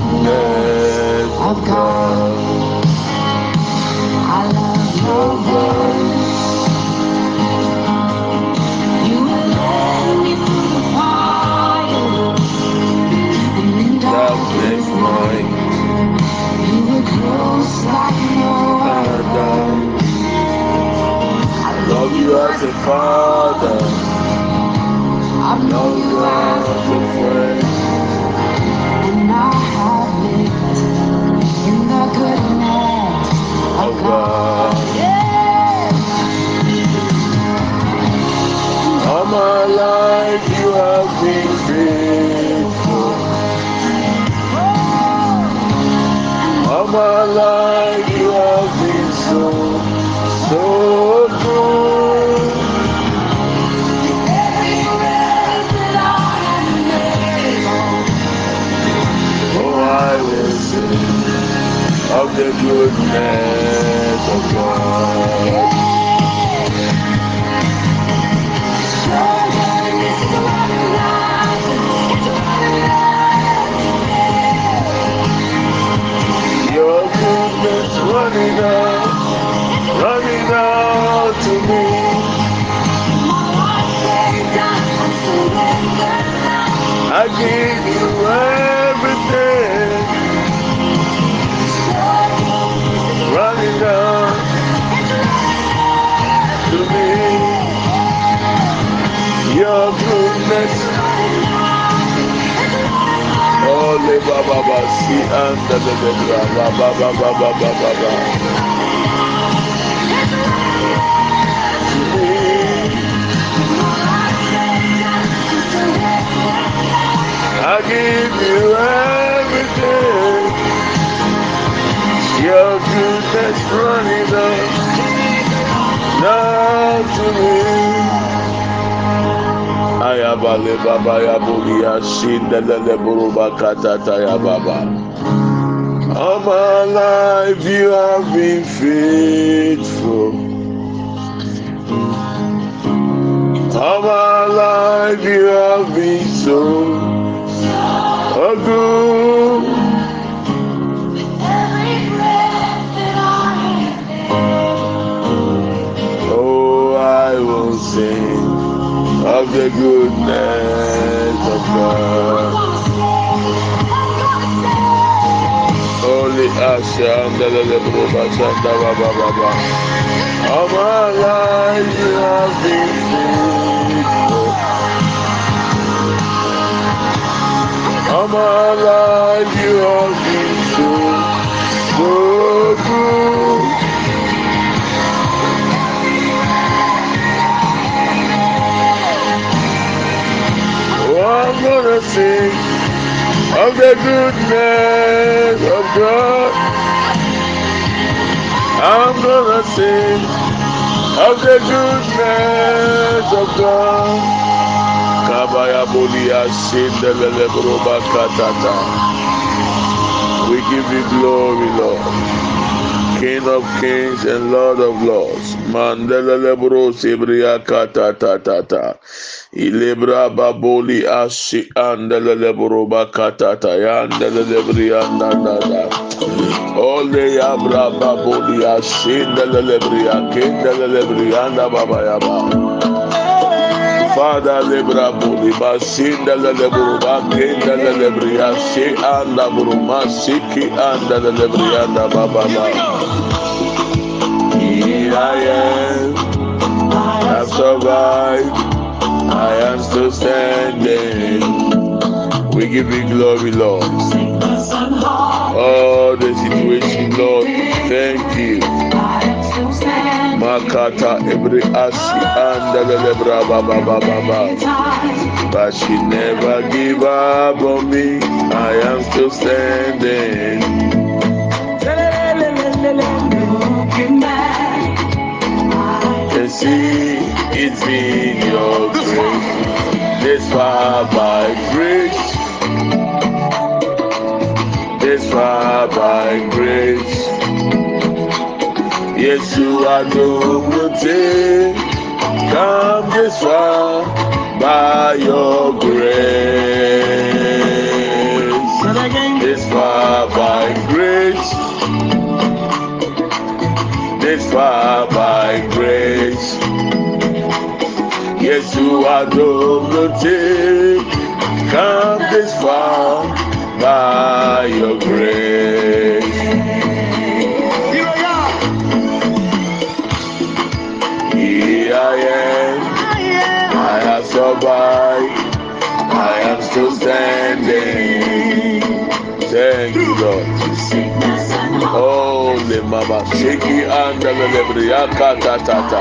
good my life you have been so, so good. Oh, I will sing of the goodness of God. running out, running out to me. I give you everything. leba baba si anda de bebra baba baba baba baba I give you everything. Your goodness running out, not to me. ya bale baba ya bulia shinda lele buruba katata ya baba. All my life you have been faithful. All my life you have been so, so good. of the goodness of God. Only us, all my life you have been faithful. All my life you have been so, so good. I'm gonna sing of the goodness of God. I'm gonna sing of the goodness of God. Kabaya Bolia Sindelele Broba Katata. We give you glory, Lord. King of kings and Lord of lords. Mandela lebro sebria kata ta ta ta. Ilebra baboli ashi andela lebro bakata ta ya andela lebria na na na. Ole ya bra baboli ashi andela lebria kenda lebria na baba ya ba. Father lebra buri basinda lebru bakinda lebria si anda buruma siki anda lebria anda baba ba. Here I am, I've survived, I am still standing. We give you glory, Lord. All oh, the situation, Lord, thank you. Makata every asi and baba baba baba. But she never give up on me. I am still standing. Looking back, I see it's in your grace. This far by grace. This far by grace. Yeshua Nubute, come this far by your grace. This far by grace. This far by grace. Yeshua Nubute, come this far by your grace. I am. I have survived. I am still standing. Thank you, Holy Mama, Shiki and the Lebriakatata.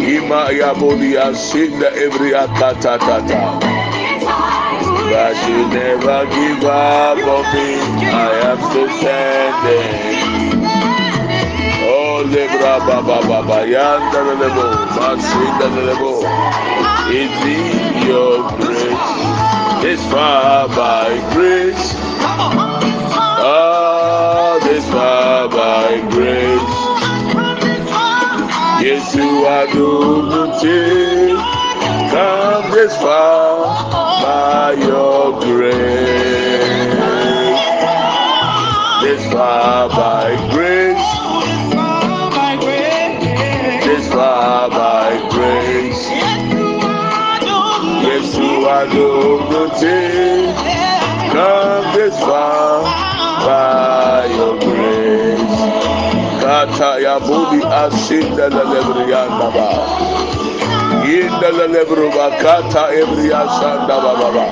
Ima Yabudia, Shinda Ebriakatata. But you never give up on me. I am still standing. lebra ba ba ba ba yanda lebo masinda lebo it is your grace this far by grace oh this far by grace Yesu adubuti come this far by your grace this far by grace gbogbo tí Kábíyèsí found by your grace. Kata yabudi asinda la lebriyanda ba. Yinda la lebruba kata ebriyasanda ba ba ba.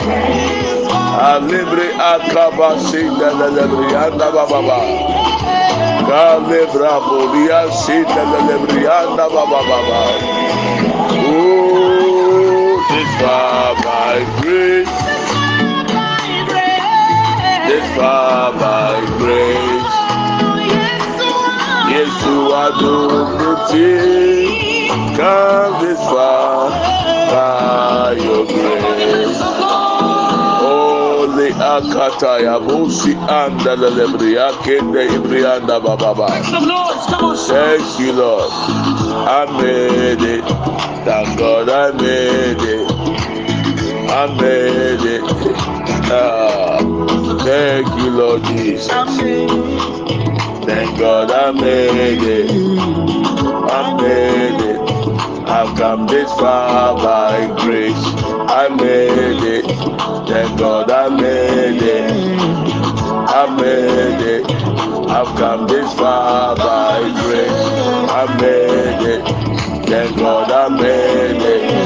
Alebre akaba sinda la lebriyanda ba ba ba. Kalebra bodiya sinda la lebriyanda ba ba ba ba. This far by grace. This far by grace. Yesu adunuti, come this far by your grace. Ole akata ya busi anda lelebri akende ibri anda bababa. Thank you Lord. I made it. Thank God I made it. I made it. Ah, thank you, Lord Jesus. Thank God I made it. I made it. I've come this far by grace. I made it. Thank God I made it. I made it. I've come this far by grace. I made it. Thank God I made it.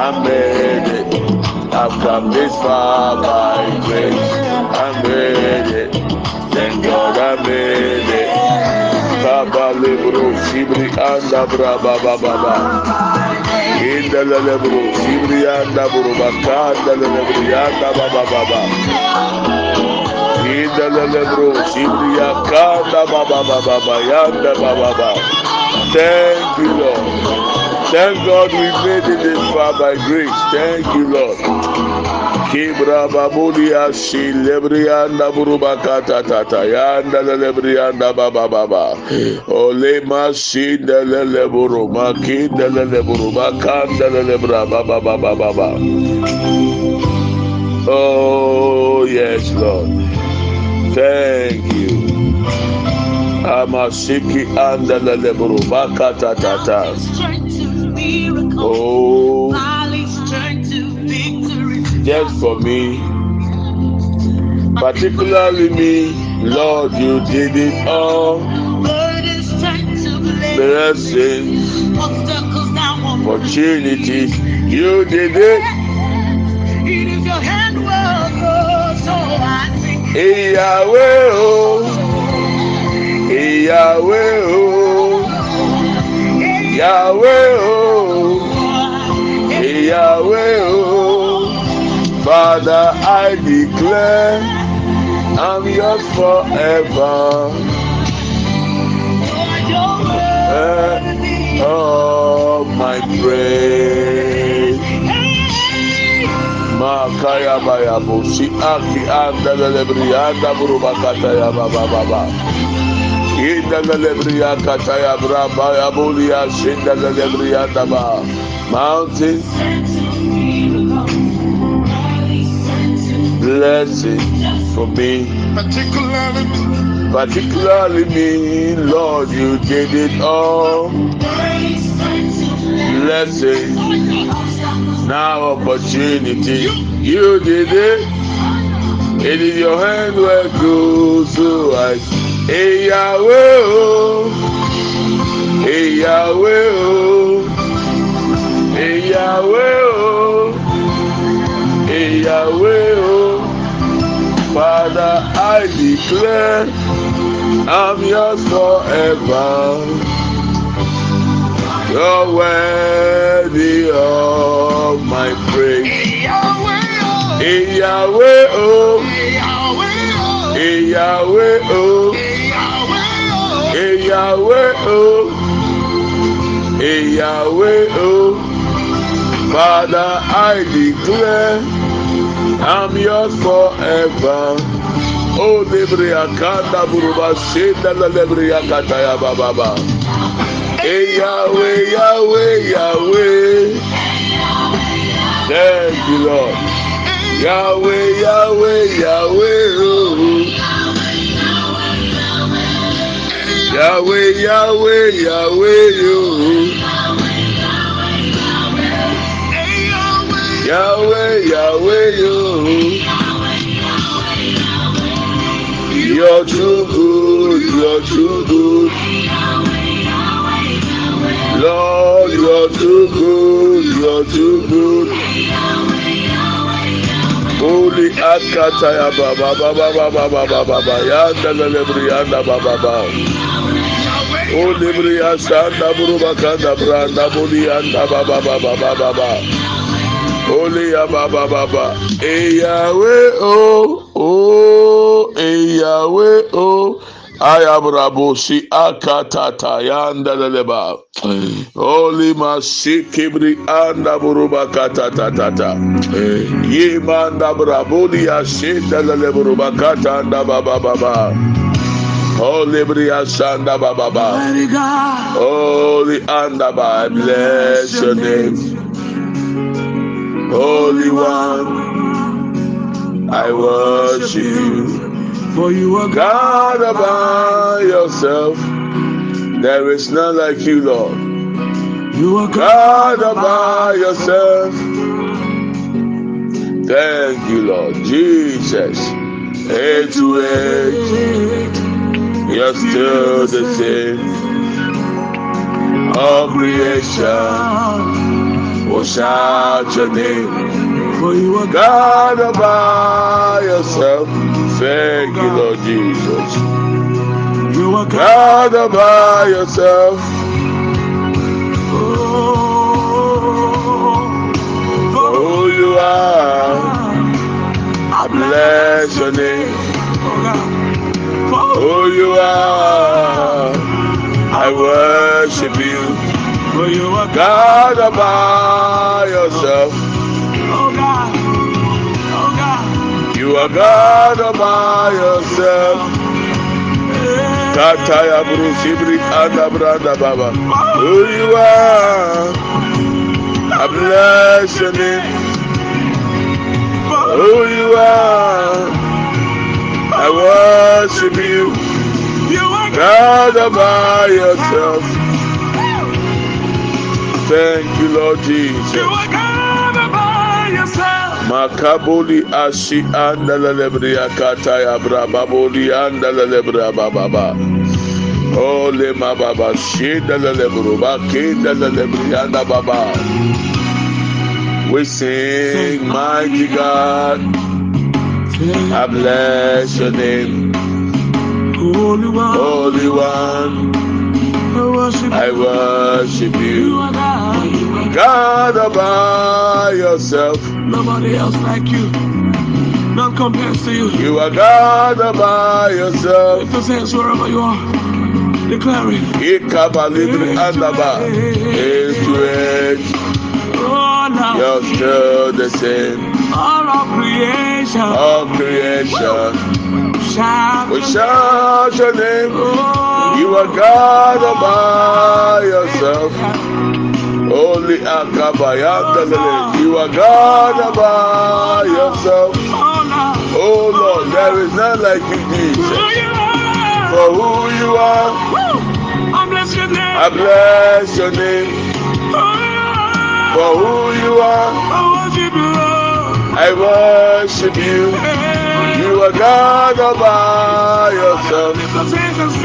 I made it. I've come this far by grace. I made it. Thank God I made it. Baba lebro sibri anda braba baba ba. Inda lebro sibri anda buruba kanda lebro yanda baba baba. Inda lebro sibri kanda baba baba yanda baba ba. Thank you Lord. Thank God we made it this far by grace. Thank you, Lord. Kibra babudia si lebrianda burubaka tatata yanda lebrianda baba baba ole masi delele buruma ki delele buruma kanda lebra baba baba baba Oh yes Lord Thank you Amashiki anda lele buruma kata tata miracles. Oh. Just for me, particularly me, Lord, you did it all. blessings. Obstacles opportunities. You did it. It is your handwork, oh, so I think. Ìyàwó o, ìyàwó o. Yahweh oh, Yahweh oh, Father I declare I'm yours forever. Uh, oh my praise. Makaya baya bosi aki anda lelebri anda berubah kata ya baba baba. Indalelebriya kataya Mountain. Blessing for me. Particularly me. Lord, you did it all. Blessing. Now opportunity. You did it. It is your handwork, good to us. Hey Yahweh, oh. Hey Yahweh, oh. Hey Yahweh, oh. Hey Yahweh, oh. Father, I declare I'm yours forever. You're worthy of my praise. Hey Yahweh, oh. Hey Yahweh, oh ìyàwó o ìyàwó o ìyàwó o Father I declare I'm yours forever. O lebriya kanda buruba shenda la lebriya kataya bababa. Hey Yahweh, Yahweh, Yahweh. Thank you, Lord. Yahweh, Yahweh, Yahweh, oh. Yahweh, Yahweh, Yahweh, oh. Yahweh, Yahweh, oh. You're too good, you're too good. Lord, you're too good, you're too good. Holy akata ya baba baba baba baba baba ya ndalelebri ya nda baba baba. Holy bri ya sanda buru bakanda branda buri ya nda baba baba baba baba. Holy ya baba baba. Eyawe o o eyawe o. Ayabrabo si akatata yanda leleba. Holy masi kibri anda buruba katata tata. Ye manda brabo di asita leleburuba kata anda baba baba. Holy Briasanda Baba Baba. Holy anda I bless your name. Holy One, I worship you. For you are God above by yourself. There is none like you, Lord. You are God above by yourself. Thank you, Lord Jesus. Age to age, you're still the same. All creation will shout your name. For you are God above by yourself. Thank you, Lord Jesus. You are God by yourself. Oh, oh you are. I bless your name. Oh, oh, you are. I worship you. Oh, you are God by yourself. You are God all by yourself. Kataya Brusibri Adabrada Baba. Who you are. I bless your name. Who you are. I worship you. God all by yourself. Thank you, Lord Jesus. ashi ole baba we sing mighty God I bless your name Holy One Holy One I worship you, God all by yourself. Nobody else like you. None compares to you. You are God by yourself. Lift those hands wherever you are. Declaring. It's Oh, now. You're still the same. All of creation. All creation. we shout your name. Oh. You are God by yourself. Only Akabayandalele. You are God by yourself. Oh Lord, there is none like you, Jesus. For who you are, I bless your name. I bless your name. For who you are, I worship you. You are God all by yourself.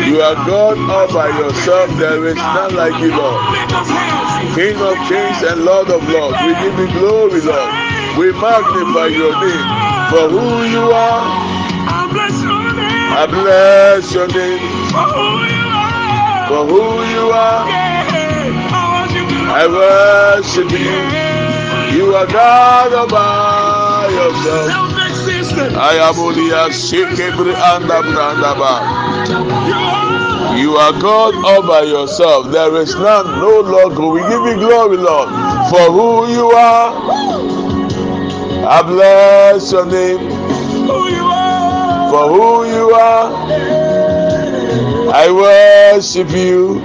You are God all by yourself. There is none like you, Lord. King of kings and Lord of lords. We give you glory, Lord. We magnify your name for who you are. I bless your name. I bless your name for who you are. For who you are. I worship you. You are God all by yourself. I am only a shake every hand up and about. You are God all by yourself. There is none, no Lord. We give you glory, Lord, for who you are. I bless your name. For who you are, I worship you.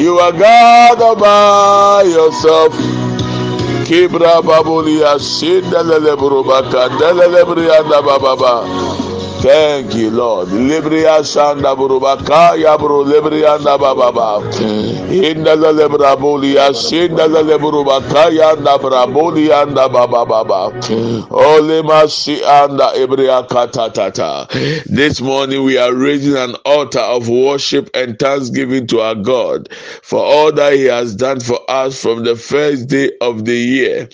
You are God all by yourself. Kibra Thank you, Lord. Libria Sanda Burubaka Yabru Libria Nabababa. In the Lebrabolia, Shinda Lebrubaka Yanda Brabolia and Babababa. Olemasi Anda Ebria Katatata. This morning we are raising an altar of worship and thanksgiving to our God for all that He has done for us from the first day of the year.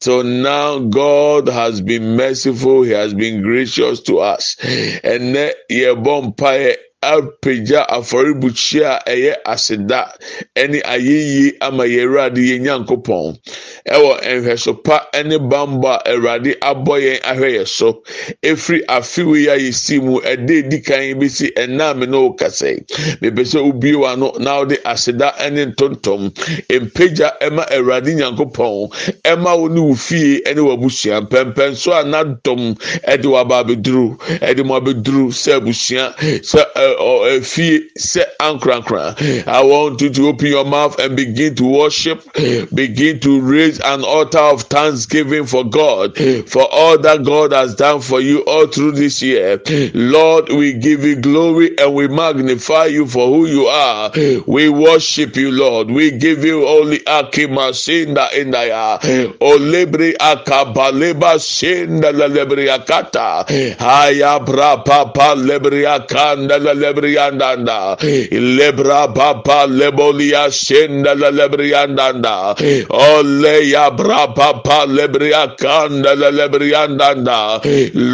So now God has been merciful, He has been gracious to us ɛnɛ yɛbɔ mpaeɛ apagya afɔrebukyia a ɛyɛ aseda ne ayɛyie ama yɛn awurade yɛn nyankopɔn ɛwɔ nhwɛsopa ne bambɔ a awurade abɔ yɛn ahwɛ yɛ so efiri afiwe a yɛsi mu ɛde edi kan bi si ɛnam ne o kasa yi bebe sɛ obie wa no na ɔde aseda ne ntontom mpagya ma awurade nyankopɔn ma wo ne wo fie ne wo abusua mpɛmpɛn so a n'adɔm de wo aba abɛduru de mo abɛduru sɛ abusua sɛ ɛɛ. Eh, fie sɛ ankorankora. I want you to open your mouth and begin to worship, begin to raise an altar of thanksgiving for God, for all that God has done for you all through this year. Lord, we give you glory and we magnify you for who you are. We worship you, Lord. We give you only Akimashinda senda indaya. Olebri akabaleba senda lelebri akata. Ayabra papa lebri akanda lebriandanda lebra papa lebolia shenda la lebriandanda ole ya bra papa kanda la lebriandanda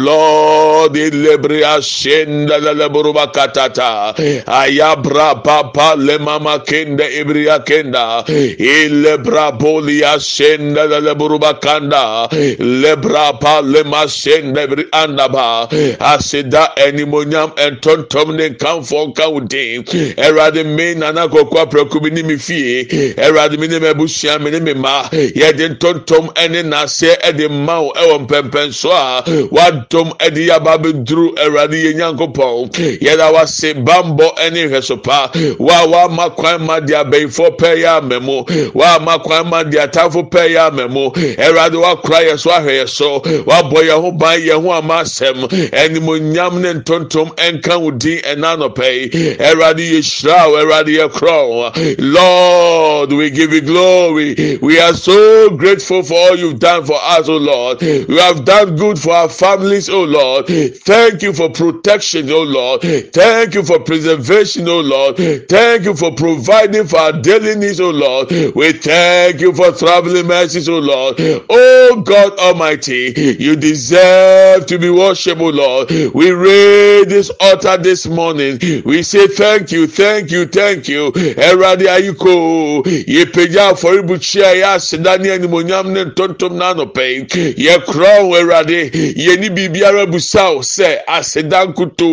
lord lebria shenda la lebruba katata ayabra papa le mama kende ibria kenda ilebra bolia shenda la lebruba kanda lebra pa le ma shenda ba, asida enimonyam entontomne. nkamfo nka wo den awurade me nana kɔkɔ aprɛko bi ne me fie awurade me ne me abusua me ne me ma yɛde ntontom ne naseɛ ɛde ma wo ɛwɔ mpɛmpɛnso a wadom ɛde yaba abɛduru awurade yɛ nyankopɔn yɛda wase bambɔ ne nhwɛsopa wa wama kwan ma de abɛyifoɔ pɛɛ yɛ ama mu wama kwan ma de atamfo pɛɛ yɛ ama mu awurade wakora yɛ so ahwɛ yɛ so wabɔ yɛn ho ban yɛn ho ama asɛm animonyam ne ntontom nka wo din ɛna ananope eradi yeshra eradi yakro lord we give you glory we are so grateful for all you've done for us O lord you have done good for our families O lord thank you for protection O lord thank you for preservation O lord thank you for providing for our daily needs O lord we thank you for traveling mercies O lord O god almighty you deserve to be worshiped O lord we raise this altar this morning morning. We say thank you, thank you, thank you. Ẹwurade ayiko, yẹ pẹja afọribuchi a yẹ aseda ní ẹnumọnyam ní ntontom n'ano pẹ. ye kura ọhún ẹwurade, yẹ ní biribiara busa o sẹ aseda nkutu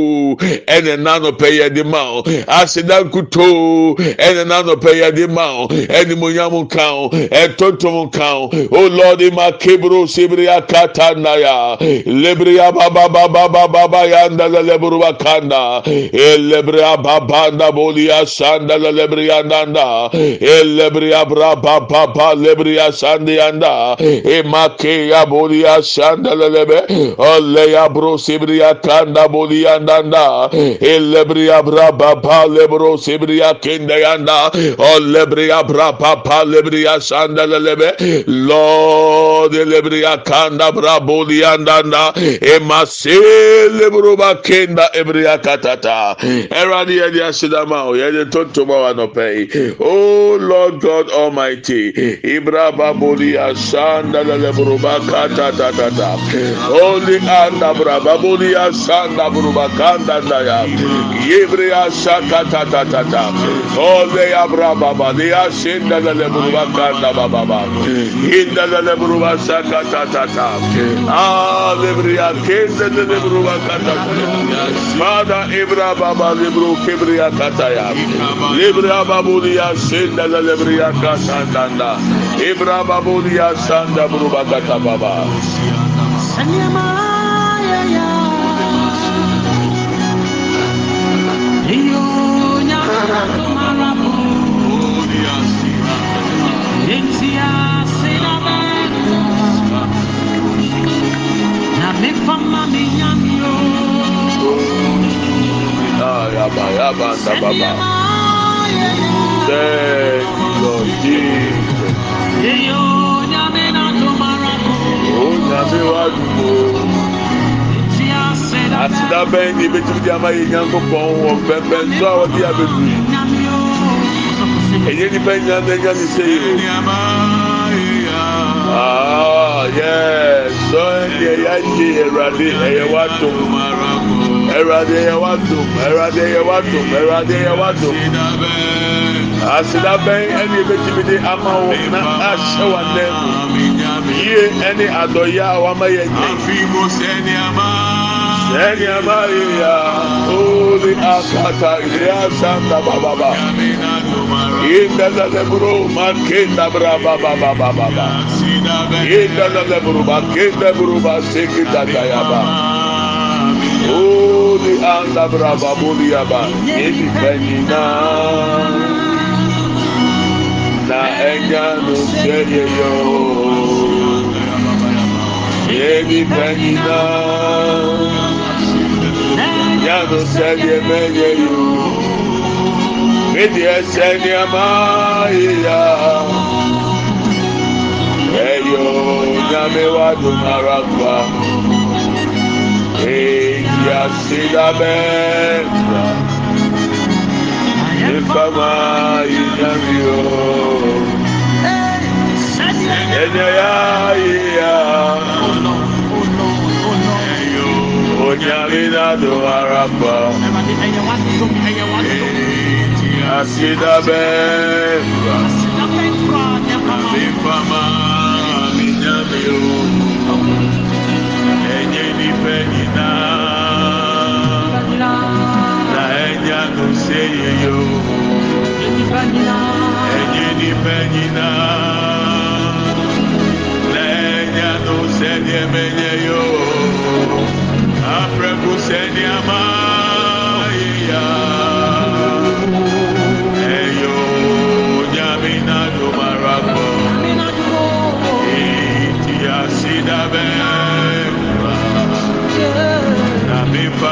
ẹna n'ano pẹ yẹ de ma o. Aseda nkutu ẹna n'ano pẹ yẹ de ma o. Ẹnumọnyam nka o, ẹtontom nka o. O lọọdi ma keburo sebiri akata naya. Lebiri abababababa yanda leleburu bakanda. elebria babanda bolia sanda lebria nanda elebria braba baba lebria sandi anda emake ya bolia sanda lebe ole ya bro sibria kanda bolia nanda elebria braba baba lebro sibria kende anda olebria braba baba lebria sanda lebe lord elebria kanda braba bolia nanda emasele broba kenda ebria katata Eradi Yadi Asidama, Yadi Tontoma Wanope. Oh Lord God Almighty, Ibra Babuli Asanda Leburubaka Tata Ta Holy Anda Brababuli Asanda Burubakanda Naya. Yibri Asaka Tata Tata. Holy Abrababa, the Asinda Leburubakanda Baba. Inda ta ta ta. Ah, Lebria Kenda Leburubakanda. Father Ibra baba libro kebria kataya libra dia senda la libria kasandanda ibra dia sanda bruba kata baba Na na ah, yaba yaba da baba. Thank you, Lord Jesus. Onyame oh, wa dumo. Asida bɛn ni ebetumi di ama yɛ nyanko pɔn wɔ bɛnbɛn so a wɔde abedu yi. Enye nipa nya na nya ni se yi o. Aa yɛ sɔ ɛni ɛyɛ ayi ɛwurade ɛyɛ wa dum. Ẹ̀rọ̀dé yẹ wá dùn, ẹ̀rọ̀dé yẹ wá dùn, ẹ̀rọ̀dé yẹ wá dùn. Asidabɛn ɛni ebetumi de ama wo na ahyɛ wa nan mu. Yie ɛni adɔya a wama yɛ nyɛ. Sɛni ama yɛ ya, ooli akata ya santa bababa. Yie ndɛndɛ lɛburo ma ke ndabra bababababa. Yie ndɛndɛ lɛburo ma ke ndaburo ma se ke dada yaba. Uli anda brava buliaba. Ebi penina. Na enya no serie yo. Ebi penina. Ya no serie menye yo. Midi eseni amaya. Eyo nyame wa dumara kwa. Hey yasirabẹta nifama yinamio ẹnyẹya yiya onyamidado arapa yasidabẹta nifama yinamio ẹnyẹ nifẹ yinamio. yo Enipa nyina Enye nipa nyina Na enya no sɛdeɛ menye yo Aprɛku sɛdeɛ ma yeya Eyo nyamina do marako Iti asida bɛ Na mipa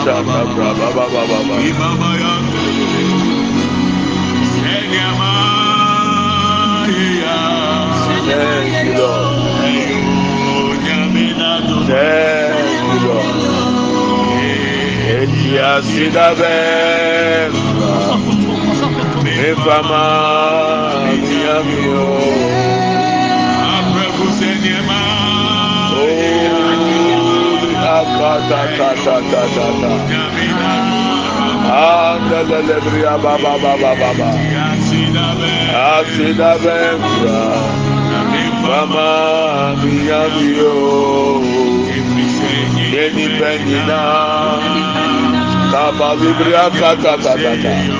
Thank you, Lord. Thank fama minha mio. Akatatatatata. Andelelebria baba baba baba. Asida bembra. Mama miyamio. Yeni penyina. Kaba vibria katatatata.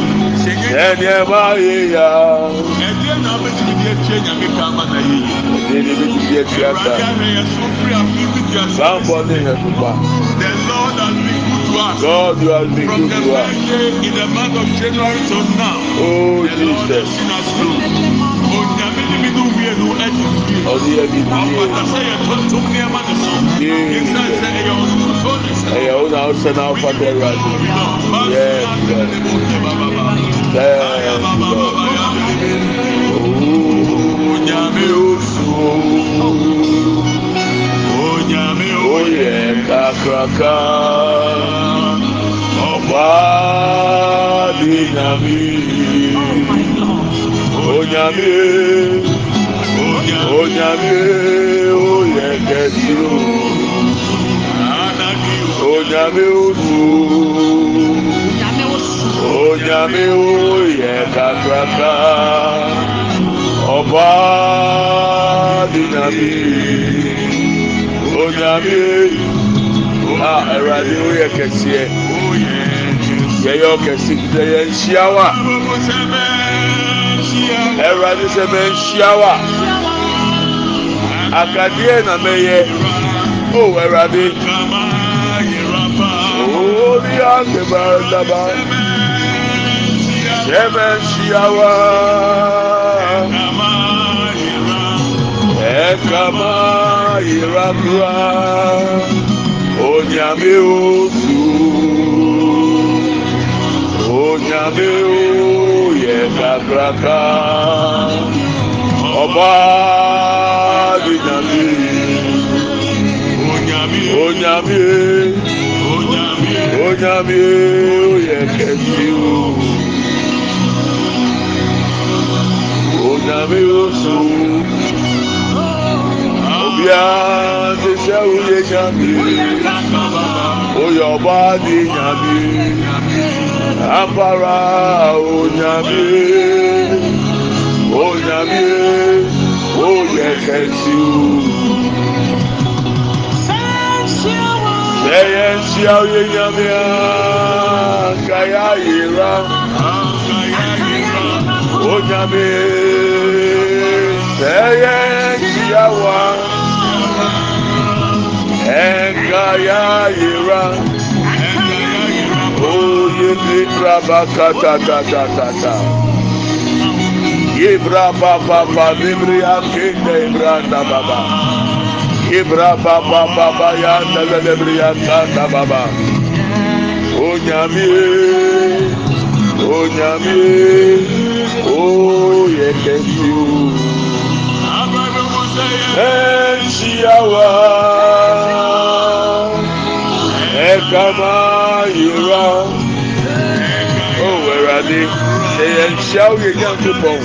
sɛdeɛ ɛbayɛ ya ɛdeɛ na wobɛtumi de atua nyame ka ama na yɛyi ɛdeɛ na wobɛtumi de atua ka sanbɔ ne yɛ sopa God, you have been good to us. In the month of January till now, oh Jesus. Ọdún yẹn bí díẹ̀. Ẹ̀yàwó náà ó sẹ́nà ọ̀fà dẹ́rù àti. Yes, yes. bẹ́ẹ̀ lọ. Onyame osu onyame oyè kakraka ọba di nyami onyame onyame oyè kẹsí o onyame osu nyame wo yɛ kakraka ɔba di nyame onyame a ɛwurade wo yɛ kɛseɛ yɛyɛ ɔkɛse sɛ yɛnhyia wa ɛwurade sɛ mɛnhyia wa akadeɛ na mɛyɛ o ɛwurade. ba, the Shemeshiawa Ekama Irabra Onyame Osu Onyame Oyedabraka Ọba Dinyami Onyame Onyame Onyame Oyekesiu. nyame wo so obiara te sɛ woyɛ nyame di ɔbaade nyame ampara o nyame o nyame woyɛ kɛse o ẹyẹ ń ṣe ayé nyàmé àkàyà yìí rà ó nyàmé. Seye yawa Enga ya ira Oye libra bakata ta ta ta ta Ibra baba baba libri akinde baba Ibra baba baba ya da libri akanda Oh ye kesu ɛnhyia wa ɛkama yira o ɛwurade They yɛnhyia wo yɛ nyanko pɔn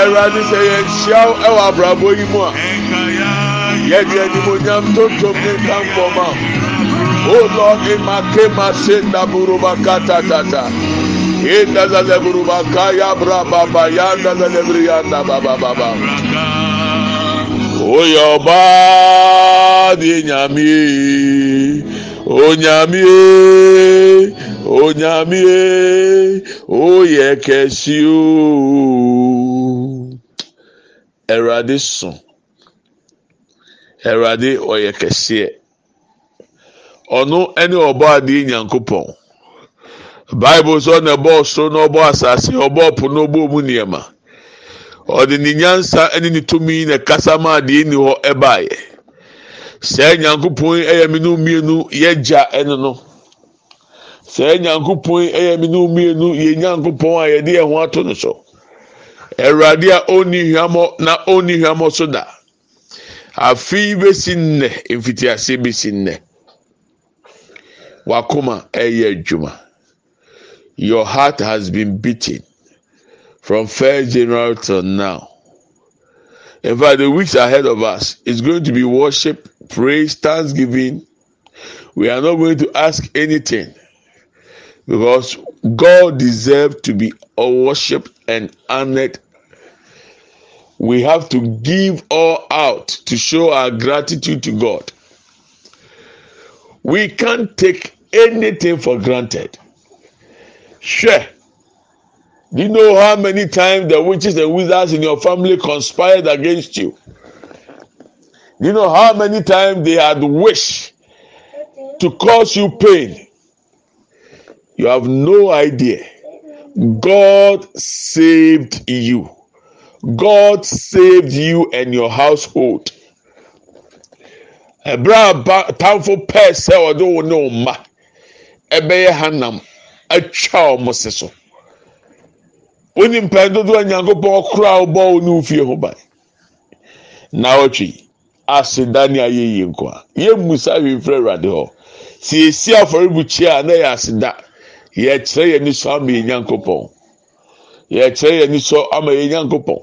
ɛwurade sɛ yɛnhyia wo ɛwɔ abrabɔ yi mu a yɛde animonyam tontom ne nkampɔma o lord ima kema se ndaburuma katatata. Yenda zale buruba kaya braba bayanda zale briyanda baba baba. Oya ọba di nyami, onyami, onyami, oyẹ kẹsi o. Ẹ̀rọ̀adé sùn, ẹ̀rọ̀adé ọ̀yẹ̀ kẹsíẹ̀, ọ̀nù e. ẹni ọba di nyankopọ̀n. baịbụl sọ na ɛbɔɔ soro na ɔbɔɔ asase ɔbɔɔ ọpụ na ɔbɔɔ mu nneɛma Ọ dị nyansa ɛne ne tumi na kasa maa deɛ ɛni hɔ ɛbaeɛ e sɛɛ nyankopɔn ɛyɛ e menu mmienu ya yɛgya ɛne no sɛɛ nyankopɔn ɛyɛ e menu mmienu yɛ nyankopɔn a yɛde ɛho atụ no so ɛwurade a ɔnni hwamɔ na ɔnni hwamɔ so da afei besi nnɛ mfitiase besi nne. wakoma ɛyɛ edwuma. your heart has been beating from 1st general to now. In fact, the weeks ahead of us is going to be worship, praise, thanksgiving. We are not going to ask anything because God deserves to be worshipped and honored. We have to give all out to show our gratitude to God. We can't take anything for granted. Sure. Do you know how many times the witches and wizards in your family conspired against you? Do you know how many times they had wished to cause you pain? You have no idea. God saved you. God saved you and your household. Ebra ma hanam atwa wɔn se so wɔn nipa dodoɔ nyankopɔn kora ɔbɔ wɔn ne fie ho ban na ɔtwi ase dani ayɛ yie a yɛ musa wi mfrɛ awurade hɔ siesie afɔrebukyia a na yɛ aseda yɛkyerɛ yɛn nisɔ ama yɛn nyankopɔn yɛkyerɛ yɛn nisɔ ama yɛn nyankopɔn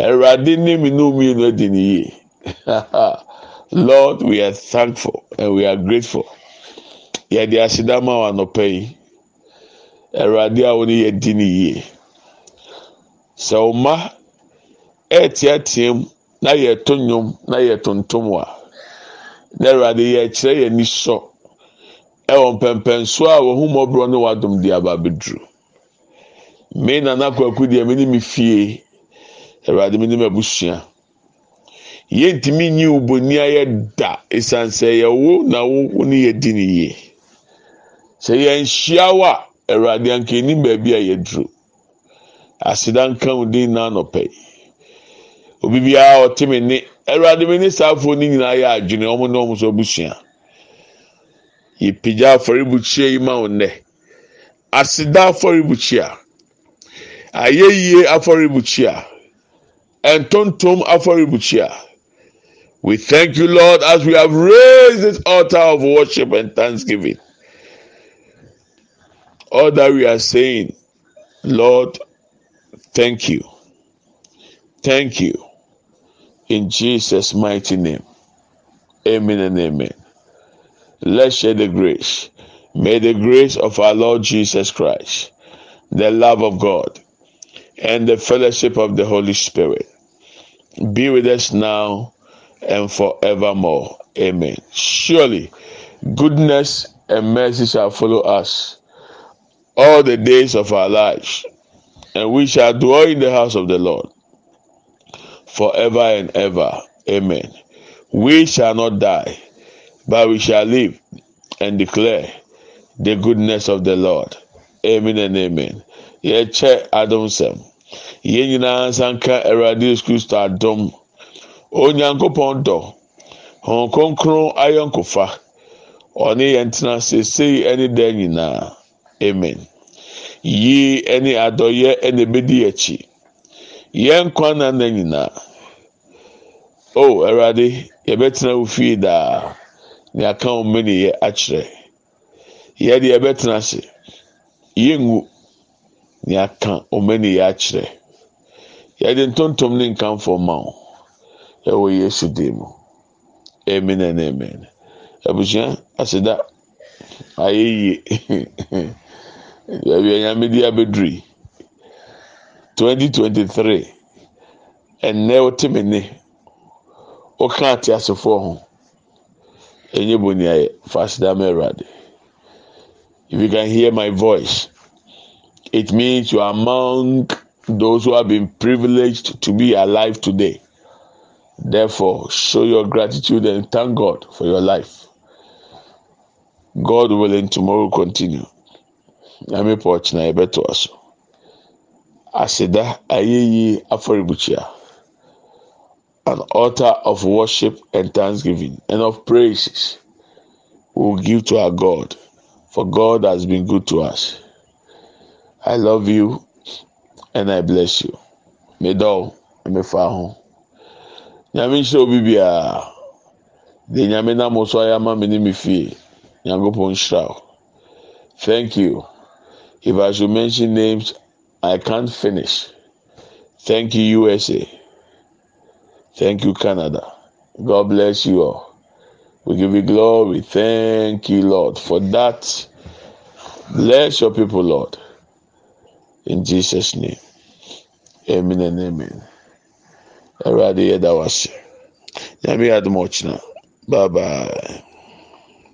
awurade ne mi no mmienu adi ne yie lord we are thankful and we are grateful yɛde aseda ma wa nɔpɛ yi awurade a wɔn yɛ di ne yie sɛ ɔma ɛɛteatea mu na yɛto nnwom na yɛtontom a na awurade yɛkyerɛ yɛn ani sɔ ɛwɔ mpɛmpɛnsoɔ a wɔn ho mɔborɔ ne wadom de aba abɛduru me nana kwaku deɛ me ne me fie awurade me ne me abusua yɛntumi nyi wo bonni da esan sɛ yɛwo na wo ne yɛ di ne yie sɛ yɛnhyia wo a awurade anka ɛnim baabi a yɛduru aseda nka wo din na obi biara ɔte me ne awurade me ne saafoɔ no nyinaa yɛ adwene ɔmo ne ɔmo so abusua yɛpagya afɔrebukyia yi ma wo nnɛ aseda afɔrebukyia ayɛyie afɔrebukyia ɛntontom afɔrebukyia we thank you lord as we have raised this altar of worship and thanksgiving. all that we are saying, Lord, thank you. Thank you. In Jesus' mighty name. Amen and amen. Let's share the grace. May the grace of our Lord Jesus Christ, the love of God, and the fellowship of the Holy Spirit be with us now and forevermore. Amen. Surely, goodness and mercy shall follow us all the days of our lives, and we shall dwell in the house of the Lord forever and ever. Amen. We shall not die, but we shall live and declare the goodness of the Lord. Amen and amen. Yɛkyɛ adom sɛm. Yɛn nyinaa nsanka Awurade Yesu Kristo adom. Onyankopɔn dɔ. Hɔn kronkron ayɔnkofa. Ɔne yɛn tena sesei ne dan amen yie ɛne adɔyɛ ɛna ebedi akyi yɛn kwan nana nyinaa o awurade yɛbɛtena wo fie daa nea aka wo mmeni yɛ akyerɛ yɛde yɛbɛtena ase yɛngu nea aka wo mmeni yɛ akyerɛ yɛde ntontom ne nkamfo ma wo ɛwɔ yesu dan mu amen and amen abusua aseda ayɛ yie. yɛwie nyame di abɛduri 2023 and now me ne can't asefoɔ ho ɛnyɛ boni ayɛ fasida ma if you can hear my voice it means you are among those who have been privileged to be alive today therefore show your gratitude and thank god for your life god willing tomorrow continue nyame pɔ ɔkyena yɛbɛto aso aseda ayɛyi afɔrebukyia an altar of worship and thanksgiving and of praises we will give to our God, for God has been good to us. I love you and I bless you. Medol, mefa ho. Nyame nhyɛ obi biara. De nyame nam so ayɛ ama me ne me fie. Nyankopɔn nhyira wo. Thank you. If I should mention names, I can't finish. Thank you, USA. Thank you, Canada. God bless you all. We give you glory. Thank you, Lord, for that. Bless your people, Lord. In Jesus' name. Amen and amen. Awurade yɛ Let me add much now. Bye bye.